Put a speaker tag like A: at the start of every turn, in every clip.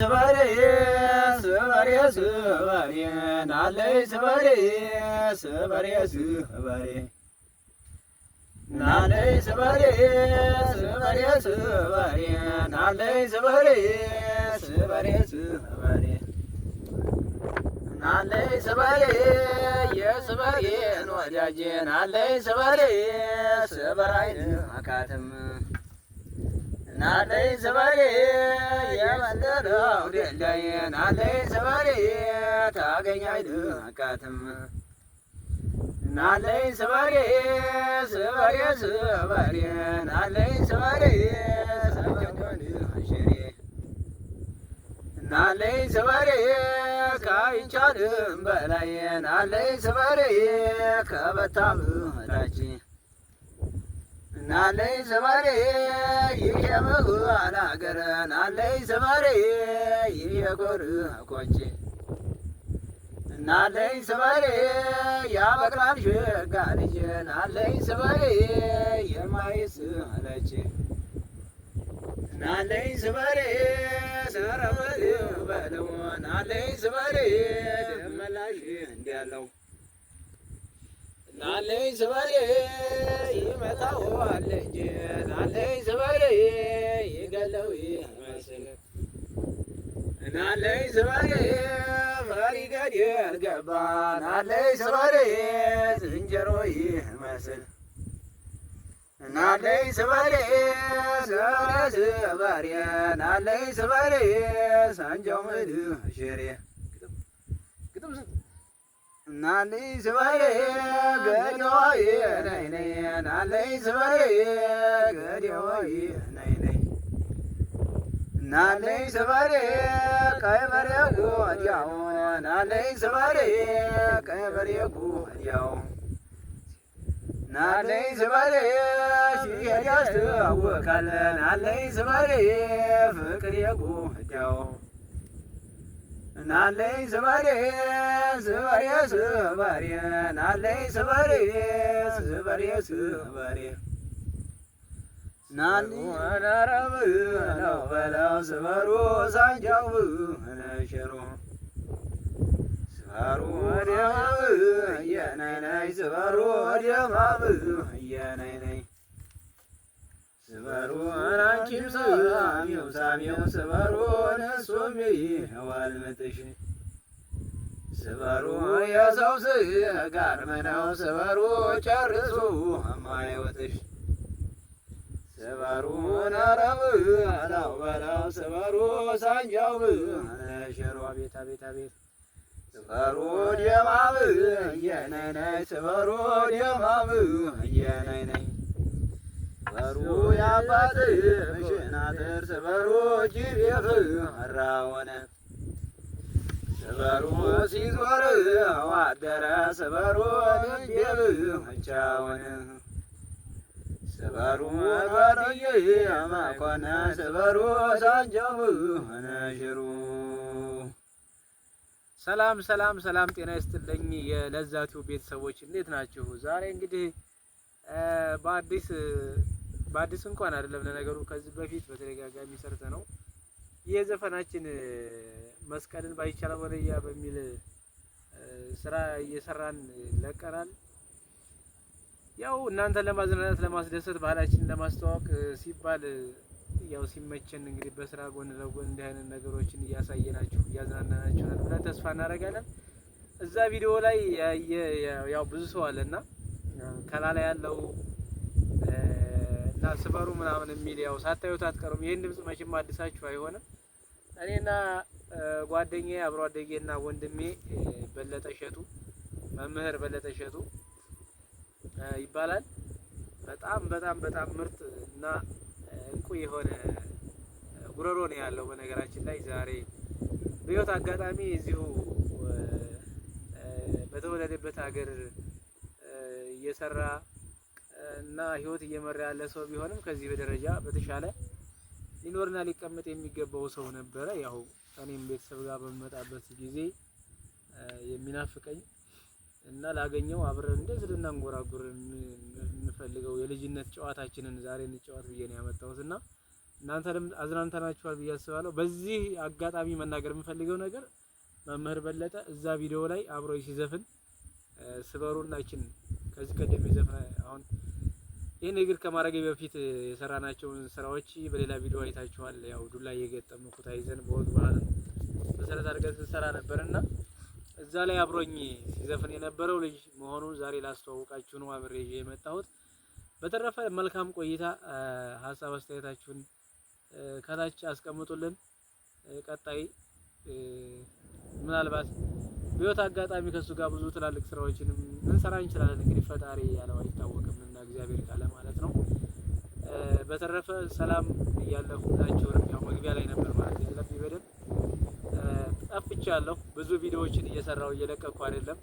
A: ስበሬ ስበሬ ናለይ ስበሬ ስበራይ አካትም ናተይ ስበሪ የመለለው ድልዳይ ናተይ ስበሪ ታገኛይ ድቃትም ናለይ ስበሪ ስበሪ ስበሪ ናለይ ስበሪ ሰሪ ናለይ ስበሪ ከይቻልም በላይ ናለይ ስበሪ ከበታም ታች ናለይ ዘማርዬ ይህ የምሁዋን ሀገር ናለይ ዘማርዬ ይህ የጎር ቆንጂ ናለይ ዘማርዬ ያበቅላል ሸጋ ልጅ ናለይ ዘማርዬ የማይስለች ናለይ ዘማርዬ ሰረበል በለው ናለይ ዘማርዬ ደመላሽ እንዲያለው ናለይ ዘማርዬ መታው አለኝ ናለኝ ስበል ይገለው ይመስል ናለኝ ስበል ፈሪ ገደል ናለኝ ስበል ዝንጀሮ ይመስል ናለይ ስበሬ ስበሬ ናለይ ስበሬ ሳንጃው ምድር ሽሬ નાની સવારે ગર્યો નહીં નહીં નાની સવારે ગર્યો નહીં નહીં નાની સવારે કઈ ભરે ગોરિયાઓ નાની સવારે કઈ ભરે ગોરિયાઓ નાની સવારે શ્રી હરિયાસ્ત કાલ નાની સવારે ફકરિયા ગોરિયાઓ નાની સવારે ስበሬ ስበሬን አለይ ስበሬ ስበሬ ስበሬ ናኒወነረብ ነው በለው ስበሩ ሳንጃው ነሸሩ ስበሩ ደማብ እየነይነይ ስበሩ ደማብ እየነይነይ ስበሩ አንቺም ሳሚው ሳሚው ስበሩ ነሱም ይዋል ስበሩ የሰው ስጋ አርምደው ስበሩ ጨርሱ አማይወትሽ ስበሩ ነረብ አላው በላው ስበሩ ሳንጃው ሽሮ ቤታ ቤታ ቤት ስበሩ ደማብ እየነይነይ ስበሩ ደማብ እየነይነይ ስበሩ ያባት ምሽናትር ስበሩ ጅቤፍ ራወነት ስበሩ ሲዞር አደረ ስበሩ ብቻውን ስበሩ ባርይ ማኮነ ስበሩ ሳንጃው ነሽሩ
B: ሰላም ሰላም ሰላም፣ ጤና ይስጥልኝ የለዛችሁ ቤተሰቦች እንዴት ናችሁ? ዛሬ እንግዲህ በአዲስ በአዲስ እንኳን አይደለም ለነገሩ ከዚህ በፊት በተደጋጋሚ ሰርተ ነው ይሄ ዘፈናችን መስቀልን ባይቻል ወለያ በሚል ስራ እየሰራን ለቀናል። ያው እናንተ ለማዝናናት ለማስደሰት፣ ባህላችንን ለማስተዋወቅ ሲባል ያው ሲመቸን እንግዲህ በስራ ጎን ለጎን እንዲህ አይነት ነገሮችን እያሳየናችሁ እያዝናናናችሁ ብለን ተስፋ እናደርጋለን። እዛ ቪዲዮ ላይ ያው ብዙ ሰው አለና ከላላ ያለው እና ስበሩ ምናምን የሚል ያው ሳታዩት አትቀሩም። ይህን ድምጽ መቼም አዲሳችሁ አይሆንም። እኔና ጓደኛዬ አብሮ አደጌና ወንድሜ በለጠ እሸቱ መምህር በለጠ እሸቱ ይባላል። በጣም በጣም በጣም ምርጥ እና እንቁ የሆነ ጉረሮ ነው ያለው። በነገራችን ላይ ዛሬ በህይወት አጋጣሚ እዚሁ በተወለደበት ሀገር እየሰራ እና ህይወት እየመራ ያለ ሰው ቢሆንም ከዚህ በደረጃ በተሻለ ሊኖርና ሊቀመጥ የሚገባው ሰው ነበረ። ያው እኔም ቤተሰብ ጋር በመጣበት ጊዜ የሚናፍቀኝ እና ላገኘው አብረን እንደዚህ ልናንጎራጉር የምንፈልገው የልጅነት ጨዋታችንን ዛሬ እንጫወት ብዬ ነው ያመጣሁት እና እናንተንም አዝናንተናችኋል ብዬ አስባለሁ። በዚህ አጋጣሚ መናገር የምፈልገው ነገር መምህር በለጠ እዛ ቪዲዮ ላይ አብሮ ሲዘፍን ስበሩላችን ከዚህ ቀደም ይዘፍን አሁን ይህ እግር ከማድረግ በፊት የሰራናቸውን ስራዎች በሌላ ቪዲዮ አይታችኋል። ያው ዱላ እየገጠሙ ኩታ ይዘን በወግ ባህል መሰረት አድርገን ስንሰራ ነበርና እዛ ላይ አብሮኝ ሲዘፍን የነበረው ልጅ መሆኑን ዛሬ ላስተዋወቃችሁ ነው አብሬ ይዤ የመጣሁት። በተረፈ መልካም ቆይታ። ሀሳብ አስተያየታችሁን ከታች አስቀምጡልን። ቀጣይ ምናልባት በህይወት አጋጣሚ ከሱ ጋር ብዙ ትላልቅ ስራዎችንም እንሰራ እንችላለን። እንግዲህ ፈጣሪ ያለው አይታወቅም። እግዚአብሔር ካለ ማለት ነው። በተረፈ ሰላም እያለሁ ሁላችሁንም ያው መግቢያ ላይ ነበር ማለት ያለብኝ በደንብ ጠፍቻለሁ። ብዙ ቪዲዮዎችን እየሰራው እየለቀኩ አይደለም።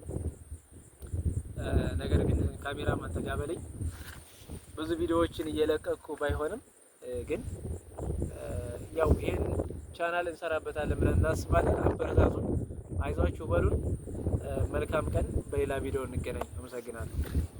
B: ነገር ግን ካሜራ ማተጋበለኝ ብዙ ቪዲዮዎችን እየለቀኩ ባይሆንም ግን ያው ይህን ቻናል እንሰራበታለን ብለን እናስባለን። አበረታቱ፣ አይዟችሁ በሉን። መልካም ቀን። በሌላ ቪዲዮ እንገናኝ። አመሰግናለሁ።